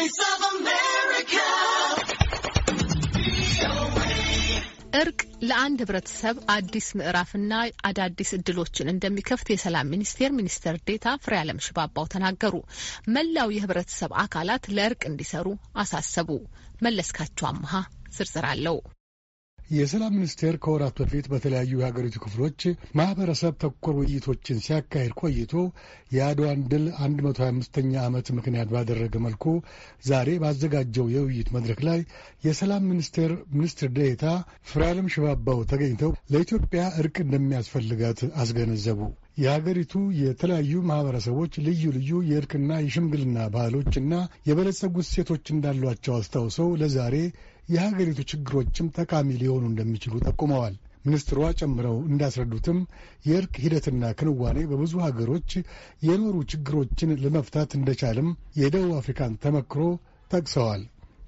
Voice of America. እርቅ ለአንድ ህብረተሰብ አዲስ ምዕራፍና አዳዲስ እድሎችን እንደሚከፍት የሰላም ሚኒስቴር ሚኒስትር ዴታ ፍሬዓለም ሽባባው ተናገሩ። መላው የህብረተሰብ አካላት ለእርቅ እንዲሰሩ አሳሰቡ። መለስካቸው አምሃ ዝርዝር አለው። የሰላም ሚኒስቴር ከወራት በፊት በተለያዩ የሀገሪቱ ክፍሎች ማህበረሰብ ተኮር ውይይቶችን ሲያካሂድ ቆይቶ የአድዋን ድል 125ኛ ዓመት ምክንያት ባደረገ መልኩ ዛሬ ባዘጋጀው የውይይት መድረክ ላይ የሰላም ሚኒስቴር ሚኒስትር ዴኤታ ፍራልም ሽባባው ተገኝተው ለኢትዮጵያ እርቅ እንደሚያስፈልጋት አስገነዘቡ። የሀገሪቱ የተለያዩ ማህበረሰቦች ልዩ ልዩ የእርቅና የሽምግልና ባህሎችና የበለጸጉት ሴቶች እንዳሏቸው አስታውሰው ለዛሬ የሀገሪቱ ችግሮችም ጠቃሚ ሊሆኑ እንደሚችሉ ጠቁመዋል። ሚኒስትሯ ጨምረው እንዳስረዱትም የእርቅ ሂደትና ክንዋኔ በብዙ ሀገሮች የኖሩ ችግሮችን ለመፍታት እንደቻለም የደቡብ አፍሪካን ተመክሮ ጠቅሰዋል።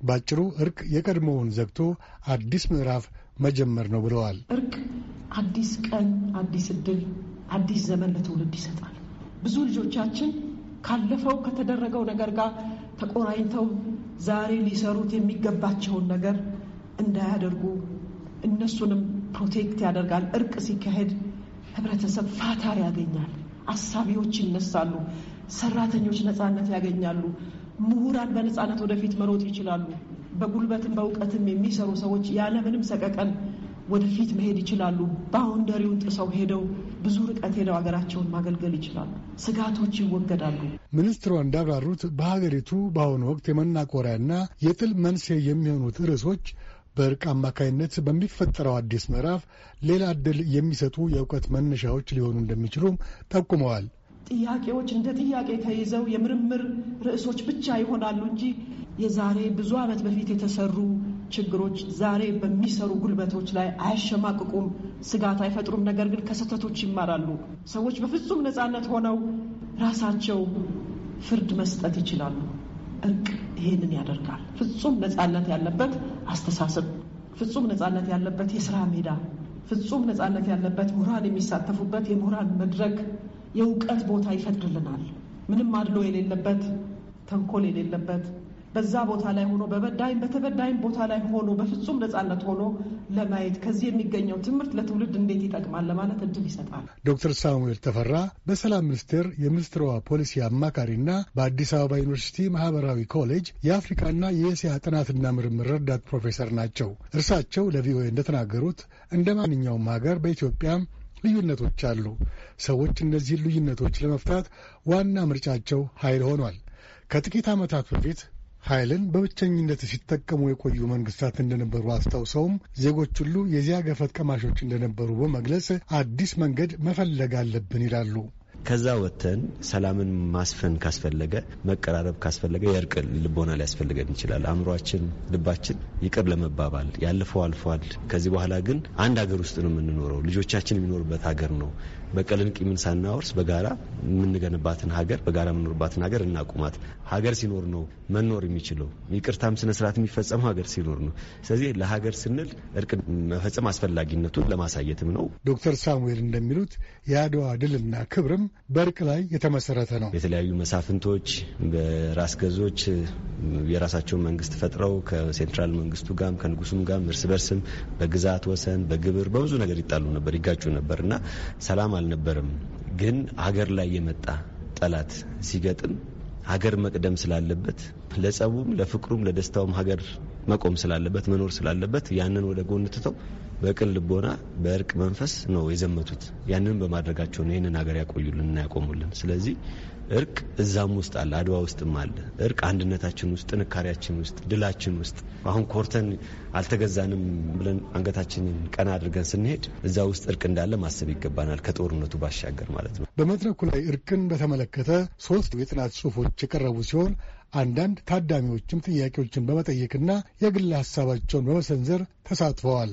ባጭሩ እርቅ የቀድሞውን ዘግቶ አዲስ ምዕራፍ መጀመር ነው ብለዋል። እርቅ አዲስ ቀን፣ አዲስ እድል፣ አዲስ ዘመን ለትውልድ ይሰጣል። ብዙ ልጆቻችን ካለፈው ከተደረገው ነገር ጋር ተቆራኝተው ዛሬ ሊሰሩት የሚገባቸውን ነገር እንዳያደርጉ እነሱንም ፕሮቴክት ያደርጋል። እርቅ ሲካሄድ ህብረተሰብ ፋታር ያገኛል። አሳቢዎች ይነሳሉ። ሰራተኞች ነፃነት ያገኛሉ። ምሁራን በነፃነት ወደፊት መሮጥ ይችላሉ። በጉልበትም በእውቀትም የሚሰሩ ሰዎች ያለምንም ሰቀቀን ወደፊት መሄድ ይችላሉ። ባውንደሪውን ጥሰው ሄደው ብዙ ርቀት ሄደው ሀገራቸውን ማገልገል ይችላሉ። ስጋቶች ይወገዳሉ። ሚኒስትሯ እንዳብራሩት በሀገሪቱ በአሁኑ ወቅት የመናቆሪያና የጥል መንስኤ የሚሆኑት ርዕሶች በእርቅ አማካይነት በሚፈጠረው አዲስ ምዕራፍ ሌላ ድል የሚሰጡ የእውቀት መነሻዎች ሊሆኑ እንደሚችሉም ጠቁመዋል። ጥያቄዎች እንደ ጥያቄ ተይዘው የምርምር ርዕሶች ብቻ ይሆናሉ እንጂ የዛሬ ብዙ ዓመት በፊት የተሰሩ ችግሮች ዛሬ በሚሰሩ ጉልበቶች ላይ አያሸማቅቁም፣ ስጋት አይፈጥሩም። ነገር ግን ከስህተቶች ይማራሉ። ሰዎች በፍጹም ነፃነት ሆነው ራሳቸው ፍርድ መስጠት ይችላሉ። እርቅ ይህንን ያደርጋል። ፍጹም ነፃነት ያለበት አስተሳሰብ፣ ፍጹም ነፃነት ያለበት የስራ ሜዳ፣ ፍጹም ነፃነት ያለበት ምሁራን የሚሳተፉበት የምሁራን መድረክ፣ የእውቀት ቦታ ይፈጥርልናል። ምንም አድሎ የሌለበት ተንኮል የሌለበት በዛ ቦታ ላይ ሆኖ በበዳይም በተበዳይም ቦታ ላይ ሆኖ በፍጹም ነፃነት ሆኖ ለማየት ከዚህ የሚገኘው ትምህርት ለትውልድ እንዴት ይጠቅማል ለማለት እድል ይሰጣል። ዶክተር ሳሙኤል ተፈራ በሰላም ሚኒስቴር የሚኒስትሯ ፖሊሲ አማካሪና በአዲስ አበባ ዩኒቨርሲቲ ማህበራዊ ኮሌጅ የአፍሪካና የእስያ ጥናትና ምርምር ረዳት ፕሮፌሰር ናቸው። እርሳቸው ለቪኦኤ እንደተናገሩት እንደ ማንኛውም ሀገር በኢትዮጵያም ልዩነቶች አሉ። ሰዎች እነዚህን ልዩነቶች ለመፍታት ዋና ምርጫቸው ኃይል ሆኗል። ከጥቂት ዓመታት በፊት ኃይልን በብቸኝነት ሲጠቀሙ የቆዩ መንግስታት እንደነበሩ አስታውሰውም ዜጎች ሁሉ የዚያ ገፈት ቀማሾች እንደነበሩ በመግለጽ አዲስ መንገድ መፈለግ አለብን ይላሉ። ከዛ ወጥተን ሰላምን ማስፈን ካስፈለገ መቀራረብ ካስፈለገ የእርቅ ልቦና ሊያስፈልገን ይችላል። አእምሯችን፣ ልባችን ይቅር ለመባባል ያለፈው አልፏል። ከዚህ በኋላ ግን አንድ ሀገር ውስጥ ነው የምንኖረው። ልጆቻችን የሚኖርበት ሀገር ነው። በቀልን ቂምን ሳናወርስ በጋራ የምንገንባትን ሀገር በጋራ የምንኖርባትን ሀገር እናቁማት። ሀገር ሲኖር ነው መኖር የሚችለው። ይቅርታም ስነስርዓት የሚፈጸመው ሀገር ሲኖር ነው። ስለዚህ ለሀገር ስንል እርቅ መፈጸም አስፈላጊነቱን ለማሳየትም ነው። ዶክተር ሳሙኤል እንደሚሉት የአድዋ ድልና ክብርም በእርቅ ላይ የተመሰረተ ነው። የተለያዩ መሳፍንቶች በራስ ገዞች የራሳቸውን መንግስት ፈጥረው ከሴንትራል መንግስቱ ጋም ከንጉሱም ጋም እርስ በርስም በግዛት ወሰን፣ በግብር በብዙ ነገር ይጣሉ ነበር፣ ይጋጩ ነበር እና ሰላም አልነበርም። ግን ሀገር ላይ የመጣ ጠላት ሲገጥም ሀገር መቅደም ስላለበት ለጸቡም፣ ለፍቅሩም፣ ለደስታውም ሀገር መቆም ስላለበት መኖር ስላለበት ያንን ወደ ጎን ትተው በቅን ልቦና በእርቅ መንፈስ ነው የዘመቱት። ያንን በማድረጋቸው ነው ይህንን ሀገር ያቆዩልንና ያቆሙልን። ስለዚህ እርቅ እዛም ውስጥ አለ፣ አድዋ ውስጥም አለ። እርቅ አንድነታችን ውስጥ፣ ጥንካሬያችን ውስጥ፣ ድላችን ውስጥ አሁን ኮርተን አልተገዛንም ብለን አንገታችንን ቀና አድርገን ስንሄድ እዛ ውስጥ እርቅ እንዳለ ማሰብ ይገባናል፣ ከጦርነቱ ባሻገር ማለት ነው። በመድረኩ ላይ እርቅን በተመለከተ ሶስት የጥናት ጽሁፎች የቀረቡ ሲሆን አንዳንድ ታዳሚዎችም ጥያቄዎችን በመጠየቅና የግል ሀሳባቸውን በመሰንዘር ተሳትፈዋል።